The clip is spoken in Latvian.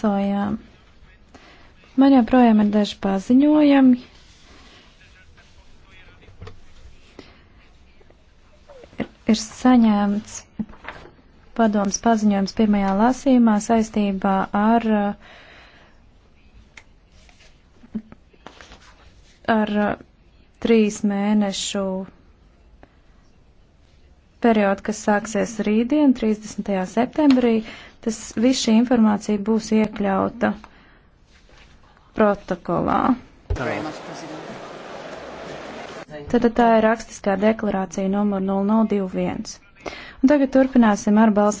balsojām. Man joprojām ir daži paziņojami. Ir saņemts padoms paziņojums pirmajā lasījumā saistībā ar, ar trīs mēnešu periodu, kas sāksies rītdien, 30. septembrī. Tas viss šī informācija būs iekļauta protokolā. Tātad tā ir rakstiskā deklarācija numur 0021. Un tagad turpināsim ar balsojumu.